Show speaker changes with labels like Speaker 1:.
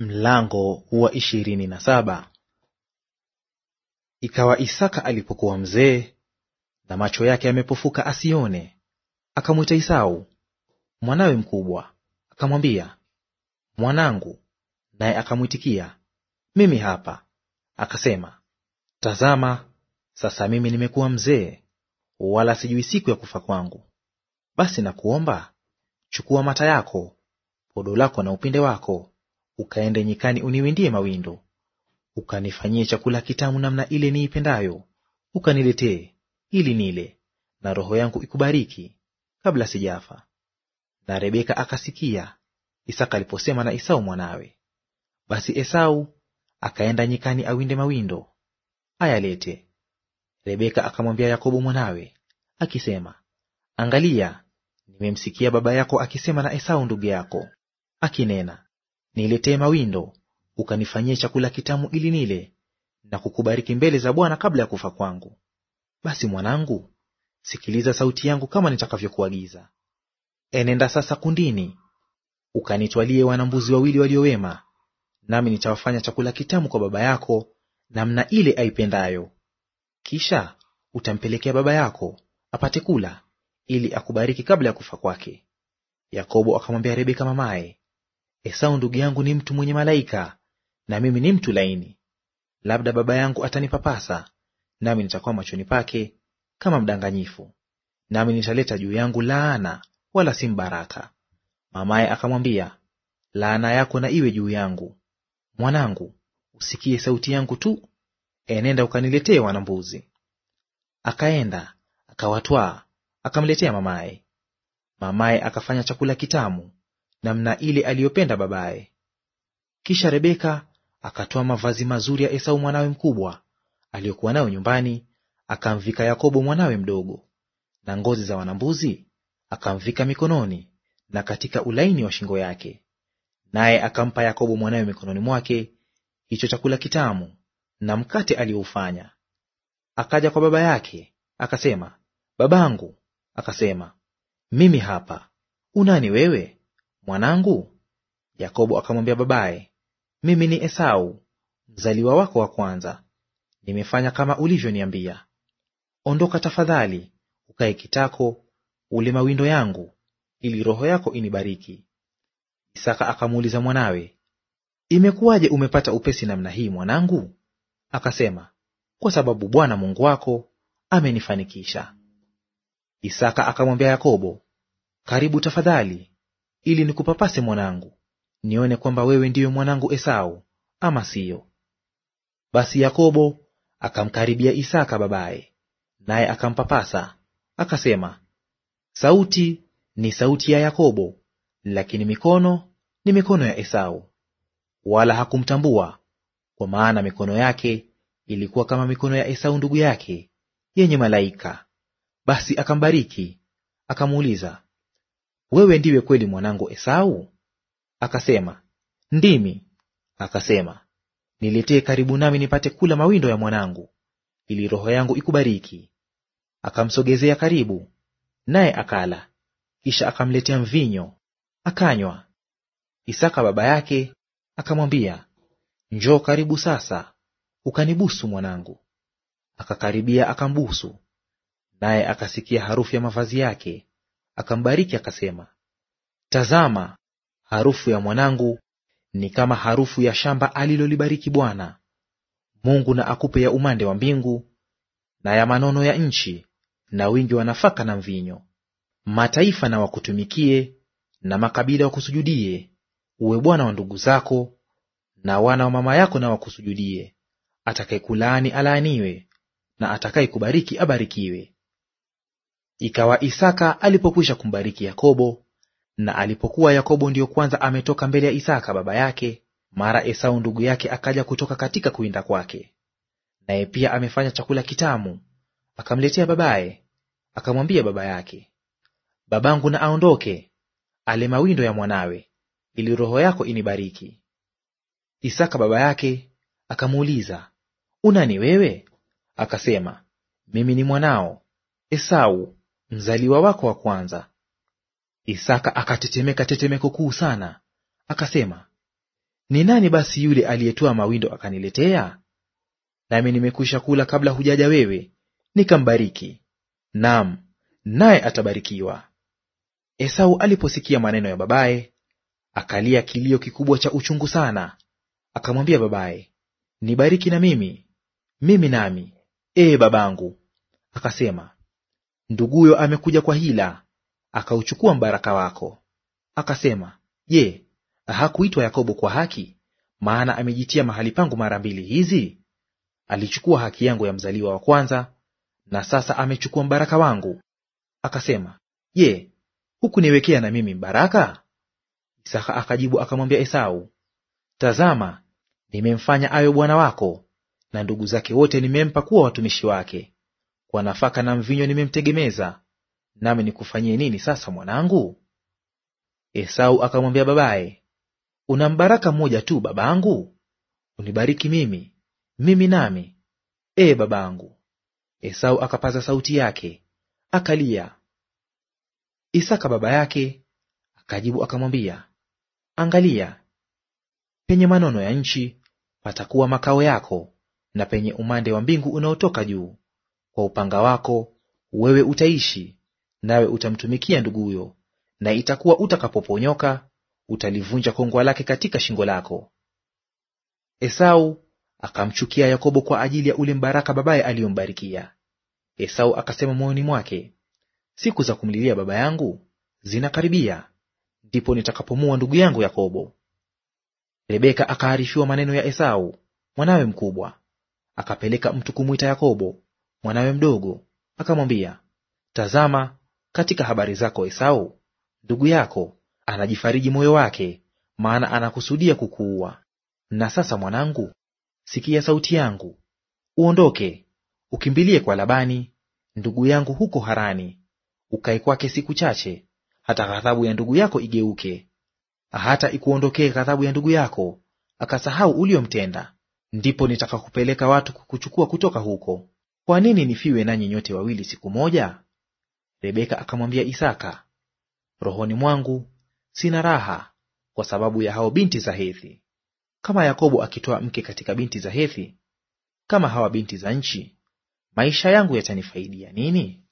Speaker 1: Mlango wa ishirini na saba. Ikawa Isaka alipokuwa mzee na macho yake yamepofuka asione, akamwita Isau mwanawe mkubwa, akamwambia, mwanangu. Naye akamwitikia, mimi hapa. Akasema, tazama, sasa mimi nimekuwa mzee, wala sijui siku ya kufa kwangu. Basi nakuomba, chukua mata yako, podo lako na upinde wako ukaende nyikani uniwindie mawindo, ukanifanyie chakula kitamu namna ile niipendayo, ukaniletee ili nile, na roho yangu ikubariki kabla sijafa. Na Rebeka akasikia Isaka aliposema na Esau mwanawe. Basi Esau akaenda nyikani awinde mawindo ayalete. Rebeka akamwambia Yakobo mwanawe akisema, Angalia, nimemsikia baba yako akisema na Esau ndugu yako akinena, niletee mawindo, ukanifanyie chakula kitamu ili nile na kukubariki mbele za Bwana kabla ya kufa kwangu. Basi mwanangu, sikiliza sauti yangu kama nitakavyokuagiza. Enenda sasa kundini, ukanitwalie wanambuzi wawili waliowema nami nitawafanya chakula kitamu kwa baba yako namna ile aipendayo. Kisha utampelekea baba yako apate kula, ili akubariki kabla ya kufa kwake. Yakobo akamwambia Rebeka mamaye, Esau eh, ndugu yangu ni mtu mwenye malaika, na mimi ni mtu laini. Labda baba yangu atanipapasa, nami nitakuwa machoni pake kama mdanganyifu, nami nitaleta juu yangu laana, wala si mbaraka. Mamaye akamwambia, laana yako na iwe juu yangu. Mwanangu, usikie sauti yangu tu, enenda eh, ukaniletee wanambuzi. Akaenda akawatwaa, akamletea mamaye. Mamaye akafanya chakula kitamu, namna ile aliyopenda babaye. Kisha Rebeka akatoa mavazi mazuri ya Esau mwanawe mkubwa aliyokuwa nayo nyumbani, akamvika Yakobo mwanawe mdogo, na ngozi za wanambuzi akamvika mikononi na katika ulaini wa shingo yake, naye akampa Yakobo mwanawe mikononi mwake hicho chakula kitamu na mkate aliyoufanya. Akaja kwa baba yake akasema, Babangu. Akasema, mimi hapa. Unani wewe? mwanangu? Yakobo akamwambia babaye, mimi ni Esau mzaliwa wako wa kwanza. Nimefanya kama ulivyoniambia. Ondoka tafadhali, ukae kitako, ule mawindo yangu, ili roho yako inibariki. Isaka akamuuliza mwanawe, imekuwaje umepata upesi namna hii mwanangu? Akasema, kwa sababu Bwana Mungu wako amenifanikisha. Isaka akamwambia Yakobo, karibu tafadhali, ili nikupapase mwanangu, nione kwamba wewe ndiwe mwanangu Esau ama siyo. Basi Yakobo akamkaribia Isaka babaye, naye akampapasa, akasema, sauti ni sauti ya Yakobo, lakini mikono ni mikono ya Esau. Wala hakumtambua, kwa maana mikono yake ilikuwa kama mikono ya Esau ndugu yake, yenye malaika. Basi akambariki, akamuuliza wewe ndiwe kweli mwanangu Esau? Akasema, ndimi. Akasema, niletee karibu nami nipate kula mawindo ya mwanangu, ili roho yangu ikubariki. Akamsogezea karibu, naye akala. Kisha akamletea mvinyo, akanywa. Isaka baba yake akamwambia, njoo karibu sasa, ukanibusu mwanangu. Akakaribia akambusu, naye akasikia harufu ya mavazi yake, akambariki akasema, Tazama, harufu ya mwanangu ni kama harufu ya shamba alilolibariki Bwana. Mungu na akupe ya umande wa mbingu na ya manono ya nchi na wingi wa nafaka na mvinyo. Mataifa na wakutumikie na makabila wakusujudie, uwe bwana wa ndugu zako na wana wa mama yako na wakusujudie. Atakayekulaani alaaniwe, na atakayekubariki abarikiwe. Ikawa Isaka alipokwisha kumbariki Yakobo, na alipokuwa Yakobo ndiyo kwanza ametoka mbele ya Isaka baba yake, mara Esau ndugu yake akaja kutoka katika kuwinda kwake, naye pia amefanya chakula kitamu, akamletea babaye. Akamwambia baba yake, babangu na aondoke, ale mawindo ya mwanawe, ili roho yako inibariki. Isaka baba yake akamuuliza, unani wewe? Akasema, mimi ni mwanao Esau mzaliwa wako wa kwanza. Isaka akatetemeka tetemeko kuu sana, akasema, ni nani basi yule aliyetoa mawindo akaniletea? Nami nimekwisha kula kabla hujaja wewe, nikambariki; naam, naye atabarikiwa. Esau aliposikia maneno ya babaye, akalia kilio kikubwa cha uchungu sana, akamwambia babaye, nibariki na mimi mimi nami, ee babangu. Akasema, Nduguyo amekuja kwa hila, akauchukua mbaraka wako. Akasema, Je, hakuitwa Yakobo kwa haki? Maana amejitia mahali pangu mara mbili hizi. Alichukua haki yangu ya mzaliwa wa kwanza, na sasa amechukua mbaraka wangu. Akasema, Je, hukuniwekea na mimi mbaraka? Isaka akajibu akamwambia Esau, Tazama, nimemfanya awe bwana wako, na ndugu zake wote nimempa kuwa watumishi wake. Kwa nafaka na mvinyo nimemtegemeza, nami nikufanyie nini sasa mwanangu? Esau akamwambia babaye, una mbaraka mmoja tu babangu? Unibariki mimi, mimi nami, e babangu. Esau akapaza sauti yake akalia. Isaka baba yake akajibu akamwambia, angalia, penye manono ya nchi patakuwa makao yako, na penye umande wa mbingu unaotoka juu kwa upanga wako wewe utaishi, nawe utamtumikia nduguyo, na itakuwa utakapoponyoka utalivunja kongwa lake katika shingo lako. Esau akamchukia Yakobo kwa ajili ya ule mbaraka babaye aliyombarikia. Esau akasema moyoni mwake, siku za kumlilia baba yangu zinakaribia, ndipo nitakapomua ndugu yangu Yakobo. Rebeka akaarifiwa maneno ya Esau mwanawe mkubwa, akapeleka mtu kumwita Yakobo mwanawe mdogo akamwambia, tazama, katika habari zako Esau ndugu yako anajifariji moyo wake, maana anakusudia kukuua. Na sasa mwanangu, sikia sauti yangu, uondoke ukimbilie kwa Labani ndugu yangu huko Harani, ukae kwake siku chache, hata ghadhabu ya ndugu yako igeuke, hata ikuondokee ghadhabu ya ndugu yako, akasahau uliyomtenda. Ndipo nitakakupeleka watu kukuchukua kutoka huko, kwa nini nifiwe nanyi nyote wawili siku moja? Rebeka akamwambia Isaka, rohoni mwangu sina raha kwa sababu ya hao binti za Hethi. Kama Yakobo akitoa mke katika binti za Hethi, kama hawa binti za nchi, maisha yangu yatanifaidia nini?